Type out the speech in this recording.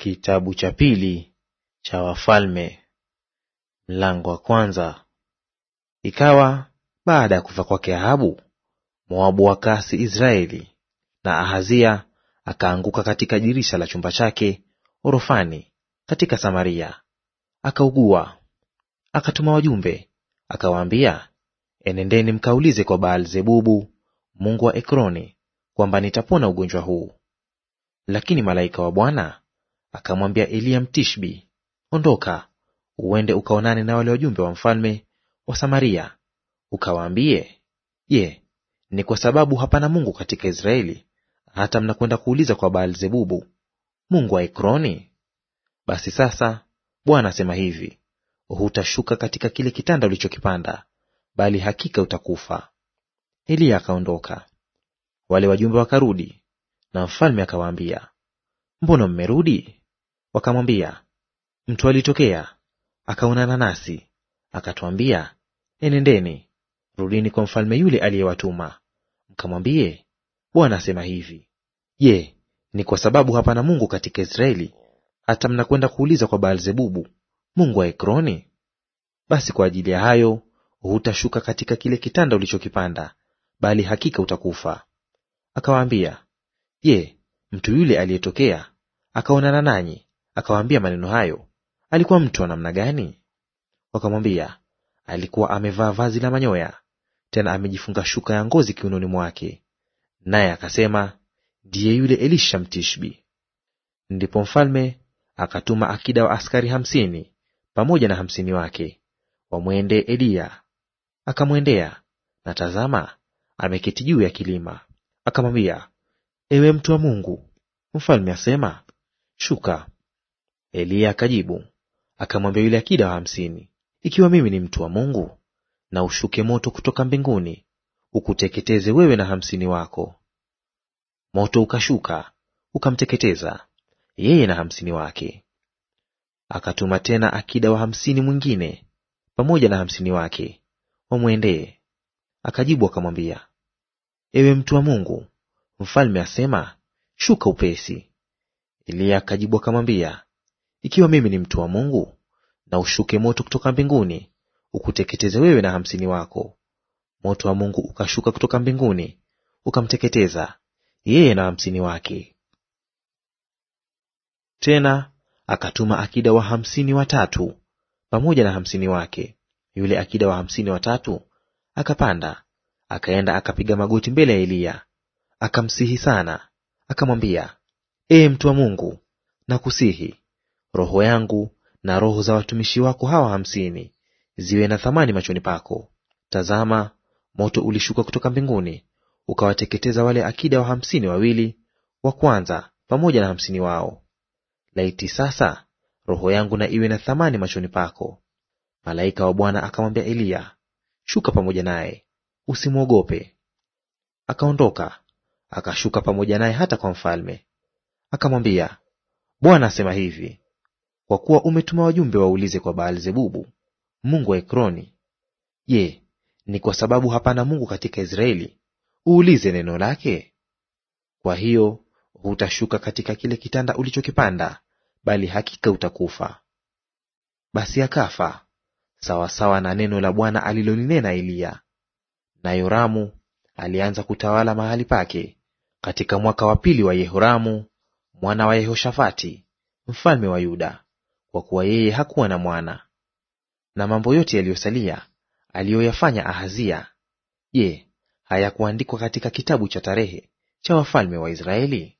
Kitabu cha pili cha Wafalme mlango wa kwanza. Ikawa baada ya kufa kwake Ahabu, Moabu wakaasi Israeli, na Ahazia akaanguka katika dirisha la chumba chake orofani katika Samaria, akaugua. Akatuma wajumbe akawaambia, enendeni mkaulize kwa Baal-Zebubu mungu wa Ekroni kwamba nitapona ugonjwa huu. Lakini malaika wa Bwana akamwambia Eliya Mtishbi, ondoka uende ukaonane na wale wajumbe wa mfalme wa Samaria, ukawaambie, Je, ni kwa sababu hapana Mungu katika Israeli hata mnakwenda kuuliza kwa Baalzebubu mungu wa Ekroni? Basi sasa Bwana asema hivi, hutashuka katika kile kitanda ulichokipanda, bali hakika utakufa. Eliya akaondoka. Wale wajumbe wakarudi, na mfalme akawaambia, mbona mmerudi? wakamwambia, mtu alitokea akaonana nasi akatwambia, enendeni, rudini kwa mfalme yule aliyewatuma, mkamwambie, Bwana asema hivi, je, ni kwa sababu hapana Mungu katika Israeli hata mnakwenda kuuliza kwa Baalzebubu mungu wa Ekroni? Basi kwa ajili ya hayo hutashuka katika kile kitanda ulichokipanda, bali hakika utakufa. Akawaambia, Je, mtu yule aliyetokea akaonana nanyi akawaambia maneno hayo, alikuwa mtu wa namna gani? Wakamwambia, alikuwa amevaa vazi la manyoya, tena amejifunga shuka ya ngozi kiunoni mwake. Naye akasema, ndiye yule Elisha Mtishbi. Ndipo mfalme akatuma akida wa askari hamsini pamoja na hamsini wake wamwende Eliya. Akamwendea, na tazama, ameketi juu ya kilima. Akamwambia, ewe mtu wa Mungu, mfalme asema, shuka Eliya akajibu akamwambia yule akida wa hamsini, ikiwa mimi ni mtu wa Mungu, na ushuke moto kutoka mbinguni ukuteketeze wewe na hamsini wako. Moto ukashuka ukamteketeza yeye na hamsini wake. Akatuma tena akida wa hamsini mwingine pamoja na hamsini wake wamwendee. Akajibu akamwambia, ewe mtu wa Mungu, mfalme asema, shuka upesi. Eliya akajibu akamwambia, ikiwa mimi ni mtu wa Mungu, na ushuke moto kutoka mbinguni ukuteketeze wewe na hamsini wako. Moto wa Mungu ukashuka kutoka mbinguni ukamteketeza yeye na hamsini wake. Tena akatuma akida wa hamsini watatu pamoja na hamsini wake. Yule akida wa hamsini watatu akapanda akaenda akapiga magoti mbele ya Eliya akamsihi sana, akamwambia, Ee mtu wa Mungu, nakusihi roho yangu na roho za watumishi wako hawa hamsini ziwe na thamani machoni pako. Tazama, moto ulishuka kutoka mbinguni ukawateketeza wale akida wa hamsini wawili wa kwanza pamoja na hamsini wao. Laiti sasa roho yangu na iwe na thamani machoni pako. Malaika wa Bwana akamwambia Eliya, shuka pamoja naye, usimwogope. Akaondoka akashuka pamoja naye hata kwa mfalme, akamwambia, Bwana asema hivi, kwa kuwa umetuma wajumbe waulize kwa baalzebubu mungu wa Ekroni, je, ni kwa sababu hapana Mungu katika Israeli uulize neno lake? Kwa hiyo hutashuka katika kile kitanda ulichokipanda, bali hakika utakufa. Basi akafa sawasawa na neno la Bwana alilolinena Eliya. Na Yoramu alianza kutawala mahali pake katika mwaka wa pili wa Yehoramu mwana wa Yehoshafati mfalme wa Yuda kwa kuwa yeye hakuwa na mwana. Na mambo yote yaliyosalia aliyoyafanya Ahazia, je, hayakuandikwa katika kitabu cha tarehe cha wafalme wa Israeli?